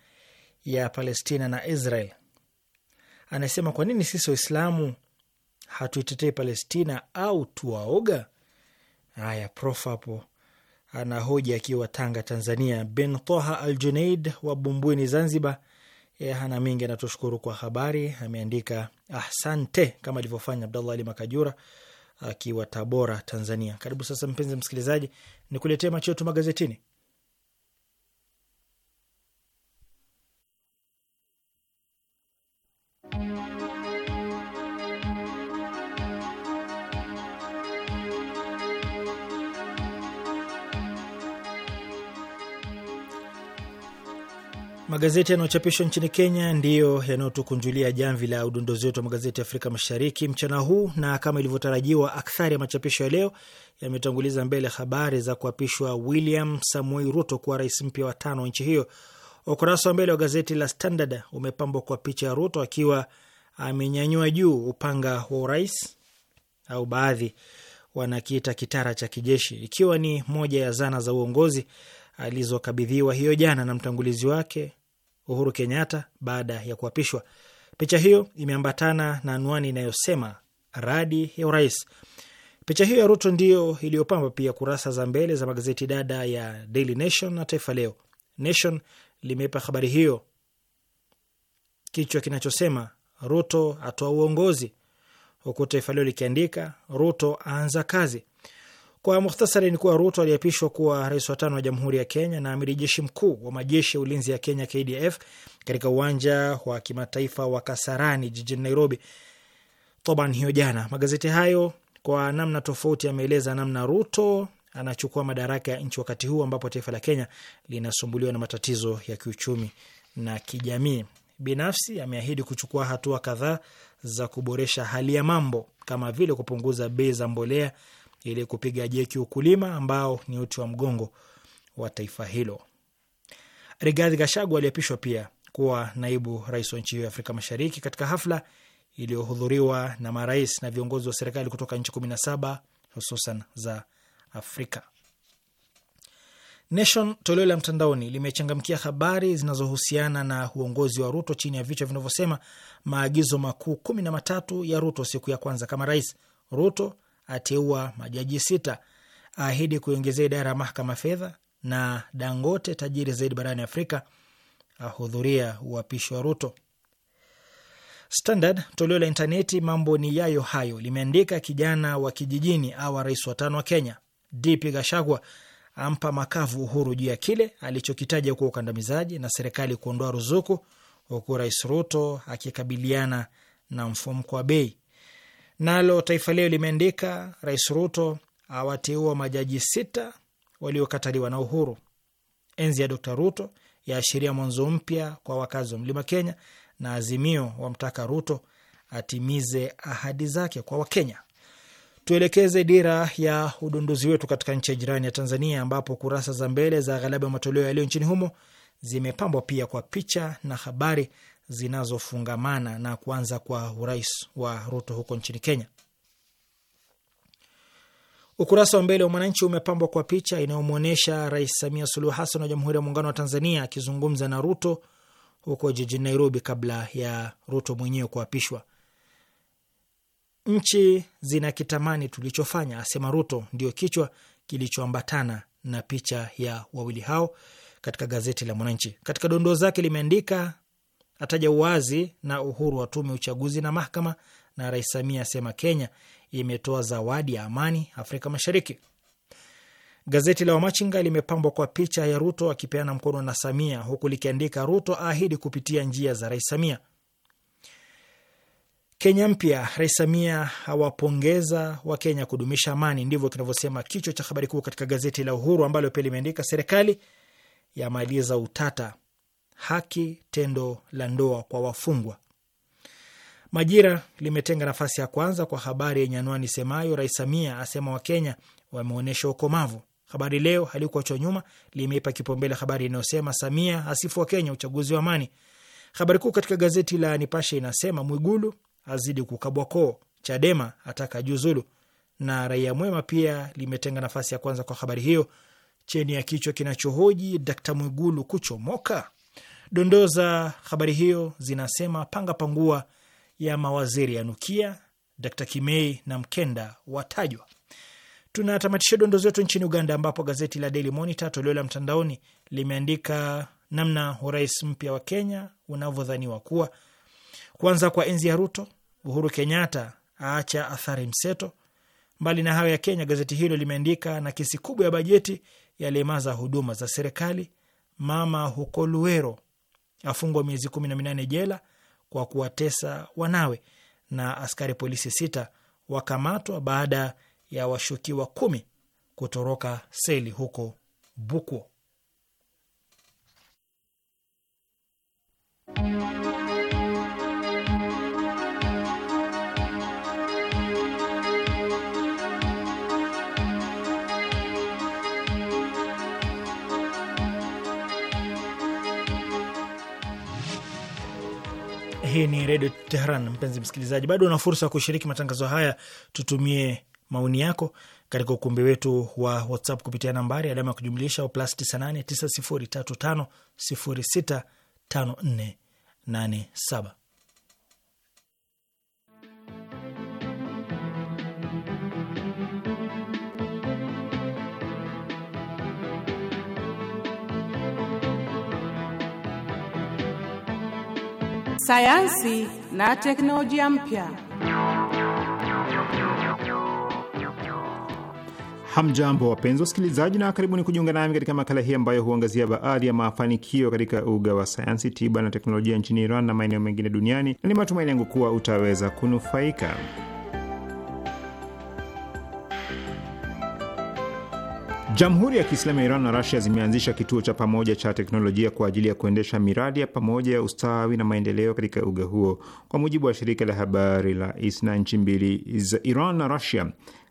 Speaker 2: ya Palestina na Israel. Anasema kwa nini sisi Waislamu hatuitetei Palestina au tuwaoga? Haya, prof hapo anahoji akiwa Tanga, Tanzania. Ben Toha Al Junaid wa Bumbwini, Zanzibar, E, hana mingi anatushukuru kwa habari, ameandika ahsante, kama alivyofanya Abdallah Ali Makajura akiwa Tabora, Tanzania. Karibu sasa, mpenzi msikilizaji, kuletea macho yetu magazetini. Magazeti yanayochapishwa nchini Kenya ndiyo yanayotukunjulia jamvi la udondozi wetu wa magazeti ya Afrika Mashariki mchana huu, na kama ilivyotarajiwa, akthari ya machapisho ya leo yametanguliza mbele habari za kuapishwa William Samoei Ruto kuwa rais mpya wa tano wa nchi hiyo. Ukurasa wa mbele wa gazeti la Standard umepambwa kwa picha ya Ruto akiwa amenyanyua juu upanga wa urais au baadhi wanakiita kitara cha kijeshi, ikiwa ni moja ya zana za uongozi alizokabidhiwa hiyo jana na mtangulizi wake Uhuru Kenyatta baada ya kuapishwa. Picha hiyo imeambatana na anwani inayosema radi ya urais. Picha hiyo ya Ruto ndiyo iliyopamba pia kurasa za mbele za magazeti dada ya Daily Nation na Taifa Leo. Nation limeipa habari hiyo kichwa kinachosema Ruto atoa uongozi, huku Taifa Leo likiandika Ruto aanza kazi. Kwa muhtasari ni kuwa Ruto aliapishwa kuwa rais wa tano wa Jamhuri ya Kenya na amiri jeshi mkuu wa majeshi ya ulinzi ya Kenya KDF katika uwanja wa kimataifa wa Kasarani jijini Nairobi toban hiyo jana. Magazeti hayo kwa namna tofauti yameeleza namna Ruto anachukua madaraka ya nchi wakati huu ambapo taifa la Kenya linasumbuliwa na matatizo ya kiuchumi na kijamii. Binafsi ameahidi kuchukua hatua kadhaa za kuboresha hali ya mambo kama vile kupunguza bei za mbolea ili kupiga jeki ukulima ambao ni uti wa mgongo wa taifa hilo. Rigathi Gachagua aliapishwa pia kuwa naibu rais wa nchi hiyo ya Afrika Mashariki katika hafla iliyohudhuriwa na marais na viongozi wa serikali kutoka nchi kumi na saba hususan za Afrika. Nation toleo la mtandaoni limechangamkia habari zinazohusiana na uongozi wa Ruto chini ya vichwa vinavyosema maagizo makuu kumi na matatu ya Ruto siku ya kwanza kama rais. Ruto ateua majaji sita, aahidi kuiongezea idara ya mahakama fedha, na Dangote tajiri zaidi barani Afrika ahudhuria uapishi wa Ruto. Standard toleo la intaneti mambo ni yayo hayo limeandika kijana wa kijijini awa rais wa tano wa Kenya. DP Gashagwa ampa makavu Uhuru juu ya kile alichokitaja kuwa ukandamizaji na serikali kuondoa ruzuku, huku Rais Ruto akikabiliana na mfumko wa bei. Nalo Taifa Leo limeandika Rais Ruto awateua majaji sita waliokataliwa na Uhuru. Enzi ya Dr Ruto yaashiria mwanzo mpya kwa wakazi wa mlima Kenya, na Azimio wamtaka Ruto atimize ahadi zake kwa Wakenya. Tuelekeze dira ya udunduzi wetu katika nchi ya jirani ya Tanzania, ambapo kurasa za mbele za aghalabu ya matoleo yaliyo nchini humo zimepambwa pia kwa picha na habari zinazofungamana na kuanza kwa urais wa Ruto huko nchini Kenya. Ukurasa wa mbele wa Mwananchi umepambwa kwa picha inayomwonyesha Rais Samia Suluhu Hassan wa Jamhuri ya Muungano wa Tanzania akizungumza na Ruto huko jijini Nairobi kabla ya Ruto mwenyewe kuapishwa. Nchi zina kitamani tulichofanya, asema Ruto, ndio kichwa kilichoambatana na picha ya wawili hao katika gazeti la Mwananchi. Katika dondoo zake limeandika ataja uwazi na uhuru wa tume uchaguzi na mahakama, na Rais Samia asema Kenya imetoa zawadi ya amani Afrika Mashariki. Gazeti la Wamachinga limepambwa kwa picha ya Ruto akipeana mkono na Samia, huku likiandika Ruto aahidi kupitia njia za Rais Samia. Kenya mpya, Rais Samia awapongeza Kenya kudumisha amani, ndivyo kinavyosema kichwa cha habari kuu katika gazeti la Uhuru, ambalo pia limeandika serikali yamaliza utata haki tendo la ndoa kwa wafungwa. Majira limetenga nafasi ya kwanza kwa habari yenye anwani semayo, Rais Samia asema Wakenya wameonyesha ukomavu. Habari Leo halikuachwa nyuma, limeipa kipaumbele habari inayosema Samia asifu Wakenya uchaguzi wa amani. Habari kuu katika gazeti la Nipashe inasema Mwigulu azidi kukabwa koo, Chadema ataka juzulu, na Raia Mwema pia limetenga nafasi ya kwanza kwa habari hiyo chini ya kichwa kinachohoji Dkt Mwigulu kuchomoka Dondoo za habari hiyo zinasema panga pangua ya mawaziri ya nukia, Dr. Kimei na Mkenda watajwa. Tunatamatisha dondoo zetu nchini Uganda, ambapo gazeti la Daily Monitor toleo la mtandaoni limeandika namna urais mpya wa Kenya unavyodhaniwa kuwa kuanza kwa enzi ya Ruto, Uhuru Kenyatta aacha athari mseto. Mbali na hayo ya Kenya, gazeti hilo limeandika na kesi kubwa ya bajeti yalemaza huduma za serikali. Mama huko Luero afungwa miezi kumi na minane jela kwa kuwatesa wanawe, na askari polisi sita wakamatwa baada ya washukiwa kumi kutoroka seli huko Bukwo. Hii ni Redio Teheran. Mpenzi msikilizaji, bado una fursa ya kushiriki matangazo haya. Tutumie maoni yako katika ukumbi wetu wa WhatsApp kupitia nambari alama ya kujumlisha plus 98 903 5065487.
Speaker 4: sayansi na teknolojia mpya.
Speaker 5: Hamjambo, wapenzi wasikilizaji, na karibuni kujiunga nami katika makala hii ambayo huangazia baadhi ya mafanikio katika uga wa sayansi, tiba na teknolojia nchini Iran na maeneo mengine duniani, na ni matumaini yangu kuwa utaweza kunufaika. Jamhuri ya Kiislamu ya Iran na Rasia zimeanzisha kituo cha pamoja cha teknolojia kwa ajili ya kuendesha miradi ya pamoja ya ustawi na maendeleo katika uga huo. Kwa mujibu wa shirika la habari la ISNA, nchi mbili za Iran na Rasia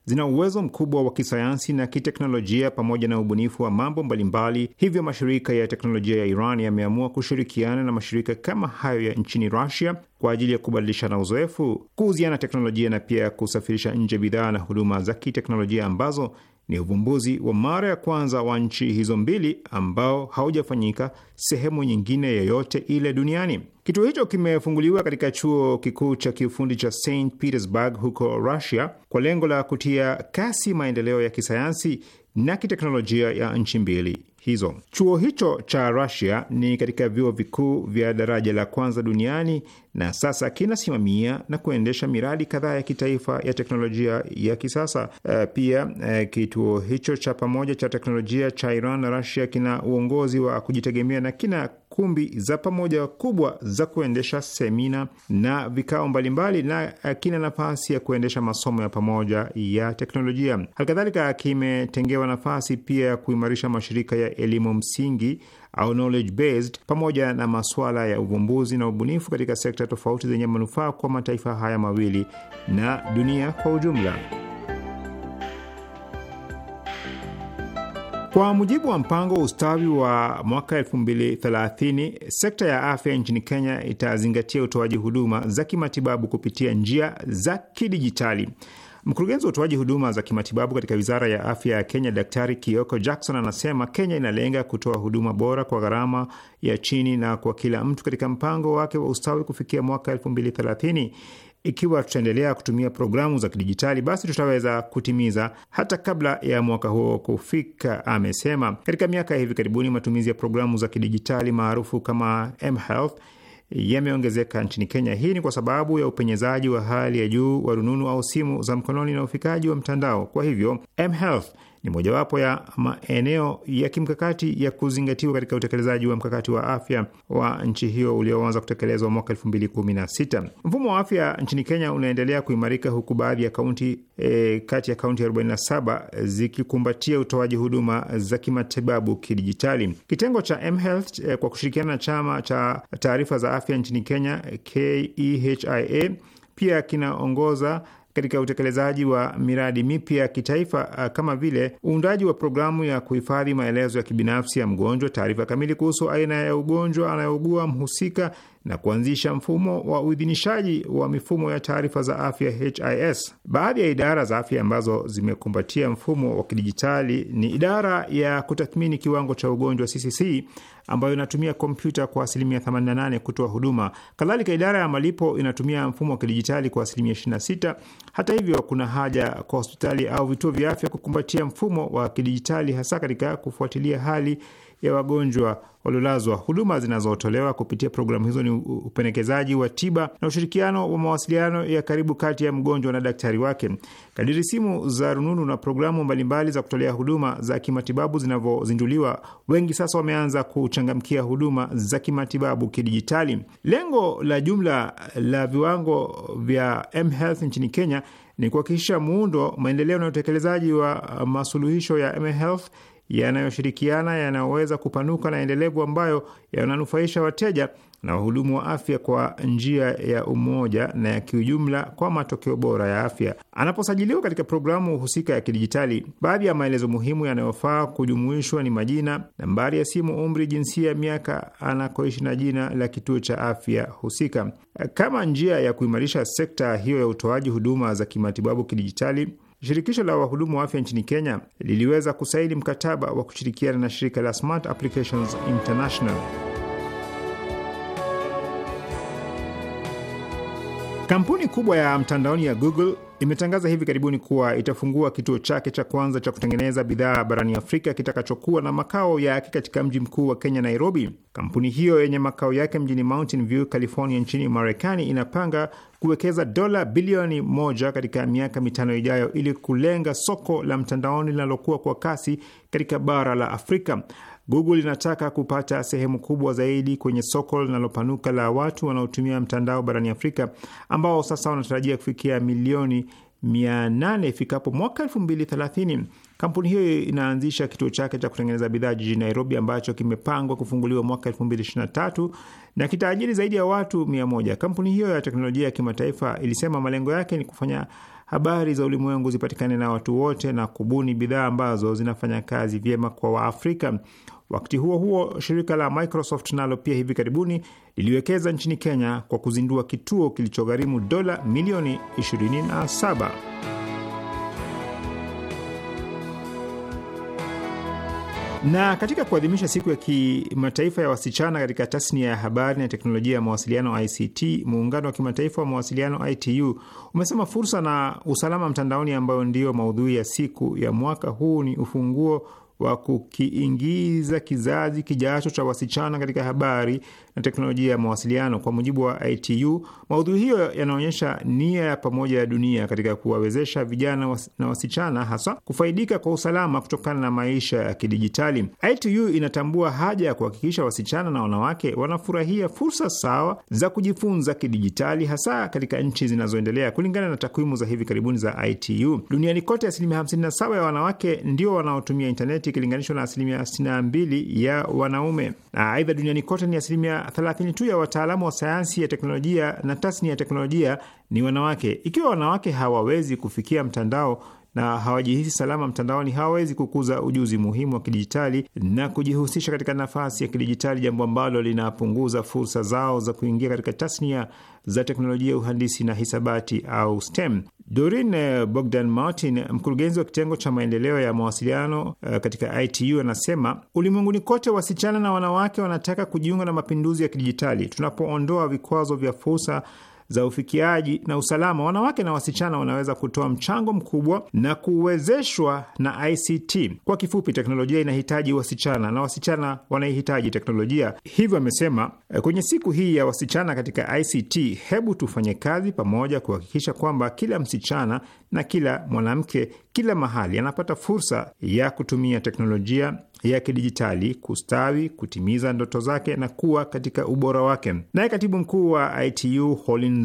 Speaker 5: zina uwezo mkubwa wa kisayansi na kiteknolojia pamoja na ubunifu wa mambo mbalimbali. Hivyo mashirika ya teknolojia ya Iran yameamua kushirikiana na mashirika kama hayo ya nchini rasia kwa ajili ya kubadilishana uzoefu, kuuziana teknolojia na pia kusafirisha nje bidhaa na huduma za kiteknolojia ambazo ni uvumbuzi wa mara ya kwanza wa nchi hizo mbili ambao haujafanyika sehemu nyingine yoyote ile duniani. Kituo hicho kimefunguliwa katika chuo kikuu cha kiufundi cha St Petersburg huko Russia kwa lengo la kutia kasi maendeleo ya kisayansi na kiteknolojia ya nchi mbili hizo. Chuo hicho cha Russia ni katika vyuo vikuu vya daraja la kwanza duniani na sasa kinasimamia na kuendesha miradi kadhaa ya kitaifa ya teknolojia ya kisasa. Eh, pia eh, kituo hicho cha pamoja cha teknolojia cha Iran na Russia kina uongozi wa kujitegemea na kina kumbi za pamoja kubwa za kuendesha semina na vikao mbalimbali na kina nafasi ya kuendesha masomo ya pamoja ya teknolojia. Halikadhalika, kimetengewa nafasi pia ya kuimarisha mashirika ya elimu msingi au knowledge based pamoja na masuala ya uvumbuzi na ubunifu katika sekta tofauti zenye manufaa kwa mataifa haya mawili na dunia kwa ujumla. Kwa mujibu wa mpango wa ustawi wa mwaka 2030 sekta ya afya nchini Kenya itazingatia utoaji huduma za kimatibabu kupitia njia za kidijitali. Mkurugenzi wa utoaji huduma za kimatibabu katika wizara ya afya ya Kenya, Daktari Kioko Jackson, anasema Kenya inalenga kutoa huduma bora kwa gharama ya chini na kwa kila mtu katika mpango wake wa ustawi kufikia mwaka 2030 ikiwa tutaendelea kutumia programu za kidijitali, basi tutaweza kutimiza hata kabla ya mwaka huo kufika, amesema. Katika miaka ya hivi karibuni, matumizi ya programu za kidijitali maarufu kama mHealth yameongezeka nchini Kenya. Hii ni kwa sababu ya upenyezaji wa hali ya juu wa rununu au simu za mkononi na ufikaji wa mtandao. Kwa hivyo mHealth ni mojawapo ya maeneo ya kimkakati ya kuzingatiwa katika utekelezaji wa mkakati wa afya wa nchi hiyo ulioanza kutekelezwa mwaka elfu mbili kumi na sita. Mfumo wa afya nchini Kenya unaendelea kuimarika huku baadhi ya kaunti e, kati ya kaunti 47 zikikumbatia utoaji huduma za kimatibabu kidijitali. Kitengo cha mHealth e, kwa kushirikiana na chama cha taarifa za afya nchini Kenya KEHIA pia kinaongoza katika utekelezaji wa miradi mipya ya kitaifa uh, kama vile uundaji wa programu ya kuhifadhi maelezo ya kibinafsi ya mgonjwa, taarifa kamili kuhusu aina ya ugonjwa anayougua mhusika na kuanzisha mfumo wa uidhinishaji wa mifumo ya taarifa za afya HIS. Baadhi ya idara za afya ambazo zimekumbatia mfumo wa kidijitali ni idara ya kutathmini kiwango cha ugonjwa CCC ambayo inatumia kompyuta kwa asilimia 88 kutoa huduma. Kadhalika, idara ya malipo inatumia mfumo wa kidijitali kwa asilimia 26. Hata hivyo, kuna haja kwa hospitali au vituo vya afya kukumbatia mfumo wa kidijitali hasa katika kufuatilia hali ya wagonjwa waliolazwa. Huduma zinazotolewa kupitia programu hizo ni upendekezaji wa tiba na ushirikiano wa mawasiliano ya karibu kati ya mgonjwa na daktari wake. Kadiri simu za rununu na programu mbalimbali za kutolea huduma za kimatibabu zinavyozinduliwa, wengi sasa wameanza kuchangamkia huduma za kimatibabu kidijitali. Lengo la jumla la viwango vya mHealth nchini Kenya ni kuhakikisha muundo, maendeleo na utekelezaji wa masuluhisho ya mHealth yanayoshirikiana yanayoweza kupanuka na endelevu ambayo yananufaisha wateja na wahudumu wa afya kwa njia ya umoja na ya kiujumla kwa matokeo bora ya afya. Anaposajiliwa katika programu husika ya kidijitali, baadhi ya maelezo muhimu yanayofaa kujumuishwa ni majina, nambari ya simu, umri, jinsia, miaka anakoishi na jina la kituo cha afya husika. Kama njia ya kuimarisha sekta hiyo ya utoaji huduma za kimatibabu kidijitali Shirikisho la wahudumu wa afya nchini Kenya liliweza kusaini mkataba wa kushirikiana na shirika la Smart Applications International. Kampuni kubwa ya mtandaoni ya Google imetangaza hivi karibuni kuwa itafungua kituo chake cha kwanza cha kutengeneza bidhaa barani Afrika kitakachokuwa na makao yake katika mji mkuu wa Kenya, Nairobi. Kampuni hiyo yenye makao yake mjini Mountain View, California, nchini Marekani inapanga kuwekeza dola bilioni moja katika miaka mitano ijayo ili kulenga soko la mtandaoni linalokuwa kwa kasi katika bara la Afrika. Google inataka kupata sehemu kubwa zaidi kwenye soko linalopanuka la watu wanaotumia mtandao barani Afrika, ambao sasa wanatarajia kufikia milioni 800 ifikapo mwaka 2030. Kampuni hiyo inaanzisha kituo chake cha kutengeneza bidhaa jijini Nairobi ambacho kimepangwa kufunguliwa mwaka 2023 na kitaajiri zaidi ya watu 100. Kampuni hiyo ya teknolojia ya kimataifa ilisema malengo yake ni kufanya habari za ulimwengu zipatikane na watu wote na kubuni bidhaa ambazo zinafanya kazi vyema kwa Waafrika. Wakati huo huo, shirika la Microsoft nalo pia hivi karibuni liliwekeza nchini Kenya kwa kuzindua kituo kilichogharimu dola milioni 27. Na katika kuadhimisha siku ya kimataifa ya wasichana katika tasnia ya habari na teknolojia ya mawasiliano ICT, muungano wa kimataifa wa mawasiliano ITU umesema fursa na usalama mtandaoni, ambayo ndiyo maudhui ya siku ya mwaka huu, ni ufunguo wa kukiingiza kizazi kijacho cha wasichana katika habari na teknolojia ya mawasiliano. Kwa mujibu wa ITU, maudhui hiyo yanaonyesha nia ya pamoja ya dunia katika kuwawezesha vijana was, na wasichana haswa kufaidika kwa usalama kutokana na maisha ya kidijitali. ITU inatambua haja ya kuhakikisha wasichana na wanawake wanafurahia fursa sawa za kujifunza kidijitali, hasa katika nchi zinazoendelea. Kulingana na takwimu za hivi karibuni za ITU, duniani kote asilimia 57 ya wanawake ndio wanaotumia intaneti ikilinganishwa na asilimia 62 ya wanaume. Aidha, duniani kote ni asilimia 30 tu ya wataalamu wa sayansi ya teknolojia na tasnia ya teknolojia ni wanawake. Ikiwa wanawake hawawezi kufikia mtandao na hawajihisi salama mtandaoni, hawawezi kukuza ujuzi muhimu wa kidijitali na kujihusisha katika nafasi ya kidijitali, jambo ambalo linapunguza fursa zao za kuingia katika tasnia za teknolojia, uhandisi na hisabati au STEM. Dorin eh, Bogdan Martin, mkurugenzi wa kitengo cha maendeleo ya mawasiliano eh, katika ITU, anasema ulimwenguni kote wasichana na wanawake wanataka kujiunga na mapinduzi ya kidijitali. Tunapoondoa vikwazo vya fursa za ufikiaji na usalama, wanawake na wasichana wanaweza kutoa mchango mkubwa na kuwezeshwa na ICT. Kwa kifupi, teknolojia inahitaji wasichana na wasichana wanaihitaji teknolojia. Hivyo amesema, eh, kwenye siku hii ya wasichana katika ICT, hebu tufanye kazi pamoja kuhakikisha kwamba kila msichana na kila mwanamke kila mahali anapata fursa ya kutumia teknolojia ya kidijitali kustawi, kutimiza ndoto zake na kuwa katika ubora wake. Naye katibu mkuu wa ITU Holin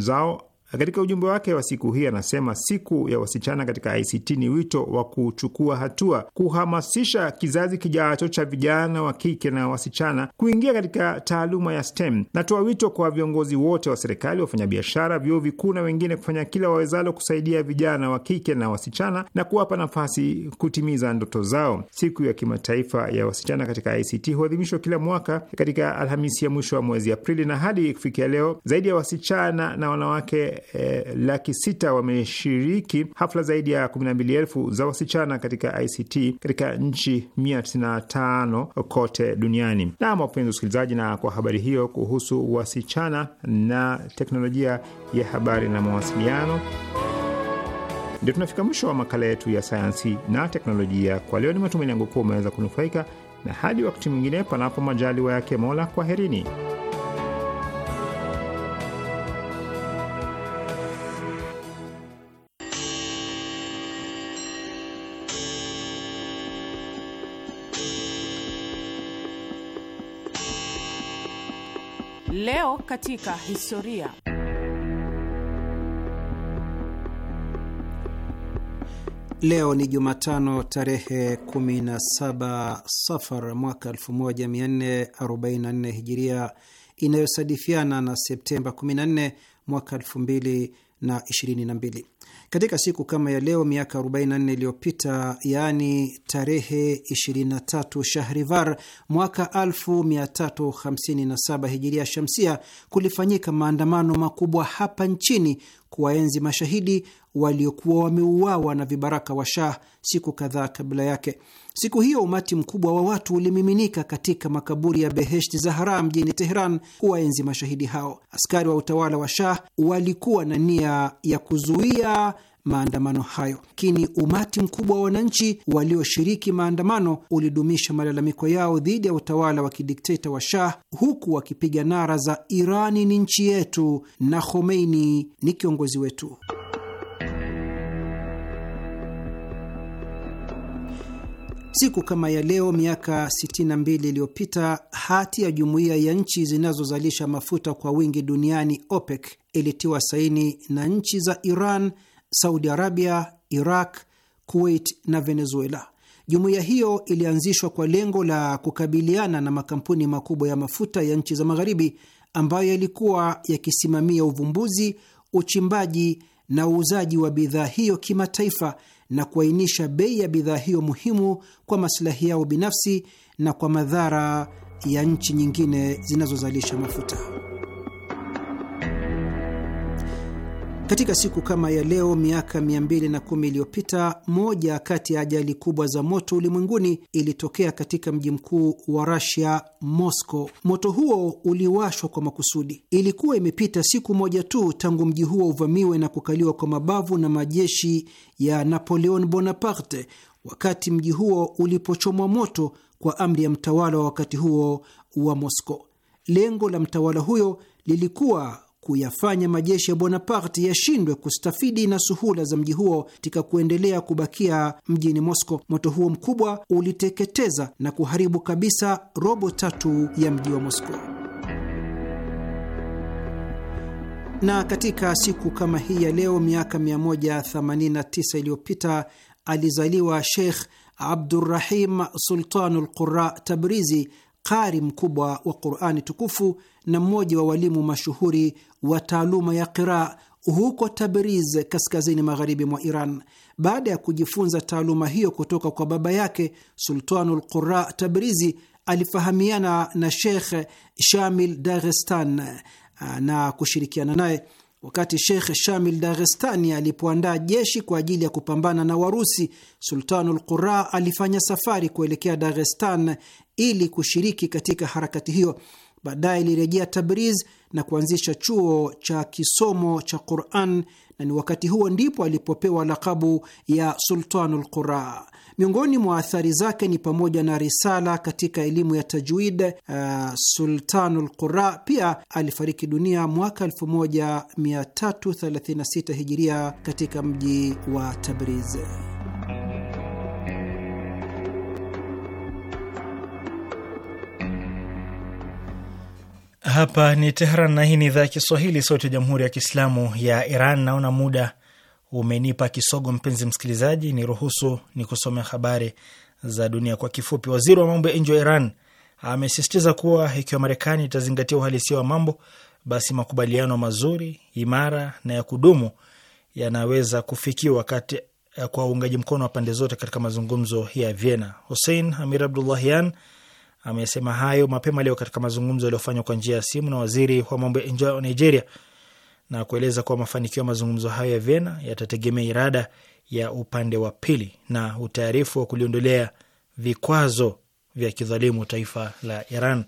Speaker 5: katika ujumbe wake wa siku hii anasema siku ya wasichana katika ICT ni wito wa kuchukua hatua, kuhamasisha kizazi kijacho cha vijana wa kike na wasichana kuingia katika taaluma ya STEM. Natoa wito kwa viongozi wote wa serikali, wafanyabiashara, vyuo vikuu na wengine kufanya kila wawezalo kusaidia vijana wa kike na wasichana na kuwapa nafasi kutimiza ndoto zao. Siku ya kimataifa ya wasichana katika ICT huadhimishwa kila mwaka katika Alhamisi ya mwisho wa mwezi Aprili, na hadi kufikia leo zaidi ya wasichana na wanawake Eh, laki sita wameshiriki hafla zaidi ya kumi na mbili za wasichana katika ICT katika nchi tano kote duniani. Naam, wapenzi usikilizaji na kwa habari hiyo kuhusu wasichana na teknolojia ya habari na mawasiliano ndio tunafika mwisho wa makala yetu ya sayansi na teknolojia kwa leo. Ni matumaini yangu kuwa umeweza kunufaika, na hadi wakati mwingine, panapo majaliwa yake Mola, kwaherini.
Speaker 1: Leo katika historia.
Speaker 3: Leo ni Jumatano tarehe 17 Safar mwaka 1444 Hijiria, inayosadifiana na Septemba 14 mwaka na 22. Katika siku kama ya leo miaka 44 iliyopita, yaani tarehe 23 Shahrivar mwaka 1357 hijiria shamsia, kulifanyika maandamano makubwa hapa nchini kuwaenzi mashahidi waliokuwa wameuawa na vibaraka wa Shah siku kadhaa kabla yake. Siku hiyo umati mkubwa wa watu ulimiminika katika makaburi ya Beheshti Zahra mjini Teheran kuwaenzi mashahidi hao. Askari wa utawala wa Shah walikuwa na nia ya kuzuia maandamano hayo, lakini umati mkubwa wa wananchi walioshiriki maandamano ulidumisha malalamiko yao dhidi ya utawala wa kidikteta wa Shah, huku wakipiga nara za Irani ni nchi yetu na Khomeini ni kiongozi wetu. Siku kama ya leo miaka 62 iliyopita hati ya jumuiya ya nchi zinazozalisha mafuta kwa wingi duniani OPEC ilitiwa saini na nchi za Iran, Saudi Arabia, Iraq, Kuwait na Venezuela. Jumuiya hiyo ilianzishwa kwa lengo la kukabiliana na makampuni makubwa ya mafuta ya nchi za Magharibi ambayo yalikuwa yakisimamia uvumbuzi, uchimbaji na uuzaji wa bidhaa hiyo kimataifa na kuainisha bei ya bidhaa hiyo muhimu kwa masilahi yao binafsi na kwa madhara ya nchi nyingine zinazozalisha mafuta. Katika siku kama ya leo miaka 210 iliyopita, moja kati ya ajali kubwa za moto ulimwenguni ilitokea katika mji mkuu wa Russia, Moscow. Moto huo uliwashwa kwa makusudi. Ilikuwa imepita siku moja tu tangu mji huo uvamiwe na kukaliwa kwa mabavu na majeshi ya Napoleon Bonaparte, wakati mji huo ulipochomwa moto kwa amri ya mtawala wa wakati huo wa Moscow. Lengo la mtawala huyo lilikuwa kuyafanya majeshi ya Bonaparte yashindwe kustafidi na suhula za mji huo katika kuendelea kubakia mjini Moscow. Moto huo mkubwa uliteketeza na kuharibu kabisa robo tatu ya mji wa Moscow. Na katika siku kama hii ya leo miaka 189 iliyopita alizaliwa Sheikh Abdurrahim Sultanul Qura Tabrizi, qari mkubwa wa Qurani tukufu na mmoja wa walimu mashuhuri wa taaluma ya qiraa huko Tabriz, kaskazini magharibi mwa Iran. Baada ya kujifunza taaluma hiyo kutoka kwa baba yake Sultanul Qura Tabrizi, alifahamiana na Sheikh Shamil Dagestan ah, na kushirikiana naye. Wakati Sheikh Shamil Daghestani alipoandaa jeshi kwa ajili ya kupambana na Warusi, Sultanul Qura alifanya safari kuelekea Daghestan ili kushiriki katika harakati hiyo. Baadaye ilirejea Tabriz na kuanzisha chuo cha kisomo cha Quran na ni wakati huo ndipo alipopewa lakabu ya Sultanul Qura. Miongoni mwa athari zake ni pamoja na risala katika elimu ya tajwid uh, Sultanul Qura. Pia alifariki dunia mwaka 1336 hijiria katika mji wa Tabriz.
Speaker 2: Hapa ni Tehran na hii ni idhaa ya Kiswahili, sauti ya jamhuri ya kiislamu ya Iran. Naona muda umenipa kisogo, mpenzi msikilizaji, ni ruhusu ni kusomea habari za dunia kwa kifupi. Waziri wa mambo ya nje wa Iran amesisitiza kuwa ikiwa Marekani itazingatia uhalisia wa mambo, basi makubaliano mazuri, imara na ya kudumu yanaweza kufikiwa kati kwa uungaji mkono wa pande zote katika mazungumzo ya Vienna. Hussein Amir Abdullahian amesema hayo mapema leo katika mazungumzo yaliyofanywa kwa njia ya simu na waziri wa mambo ya nje wa Nigeria na kueleza kuwa mafanikio ya mazungumzo hayo ya Vienna yatategemea irada ya upande wa pili na utaarifu wa kuliondolea vikwazo vya kidhalimu taifa la Iran.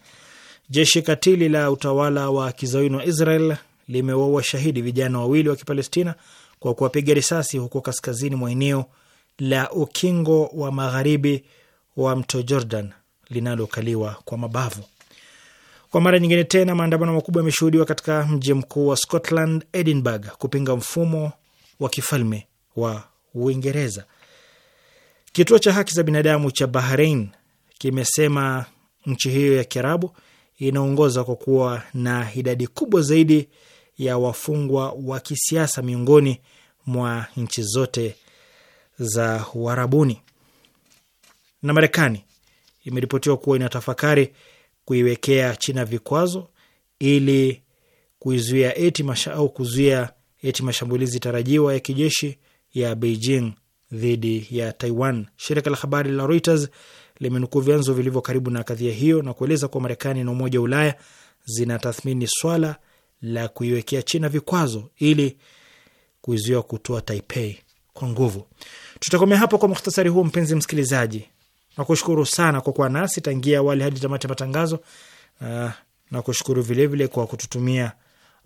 Speaker 2: Jeshi katili la utawala wa kizawini wa Israel limewaua shahidi vijana wawili wa Kipalestina kwa kuwapiga risasi huko kaskazini mwa eneo la ukingo wa magharibi wa mto Jordan linalokaliwa kwa mabavu. Kwa mara nyingine tena, maandamano makubwa yameshuhudiwa katika mji mkuu wa Scotland, Edinburgh, kupinga mfumo wa kifalme wa Uingereza. Kituo cha haki za binadamu cha Bahrain kimesema nchi hiyo ya Kiarabu inaongoza kwa kuwa na idadi kubwa zaidi ya wafungwa wa kisiasa miongoni mwa nchi zote za Uarabuni. Na Marekani imeripotiwa kuwa inatafakari kuiwekea China vikwazo ili kuizuia eti masha, au kuzuia eti mashambulizi tarajiwa ya kijeshi ya Beijing dhidi ya Taiwan. Shirika la habari la Reuters limenukuu vyanzo vilivyo karibu na kadhia hiyo na kueleza kuwa Marekani na Umoja wa Ulaya zinatathmini swala la kuiwekea China vikwazo ili kuizuia kutoa Taipei kwa nguvu. Tutakomea hapo kwa muhtasari huu, mpenzi msikilizaji. Nakushukuru sana kwa kuwa nasi tangia awali hadi tamati ya matangazo. Uh, nakushukuru vilevile kwa kututumia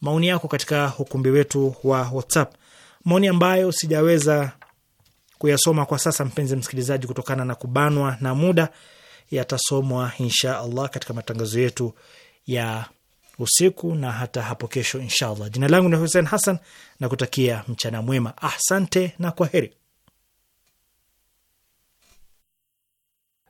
Speaker 2: maoni yako katika ukumbi wetu wa WhatsApp, maoni ambayo sijaweza kuyasoma kwa sasa, mpenzi msikilizaji, kutokana na kubanwa na muda, yatasomwa insha allah katika matangazo yetu ya usiku na hata hapo kesho insha allah. Jina langu ni Hussein Hassan na kutakia mchana mwema. Asante na kwa heri.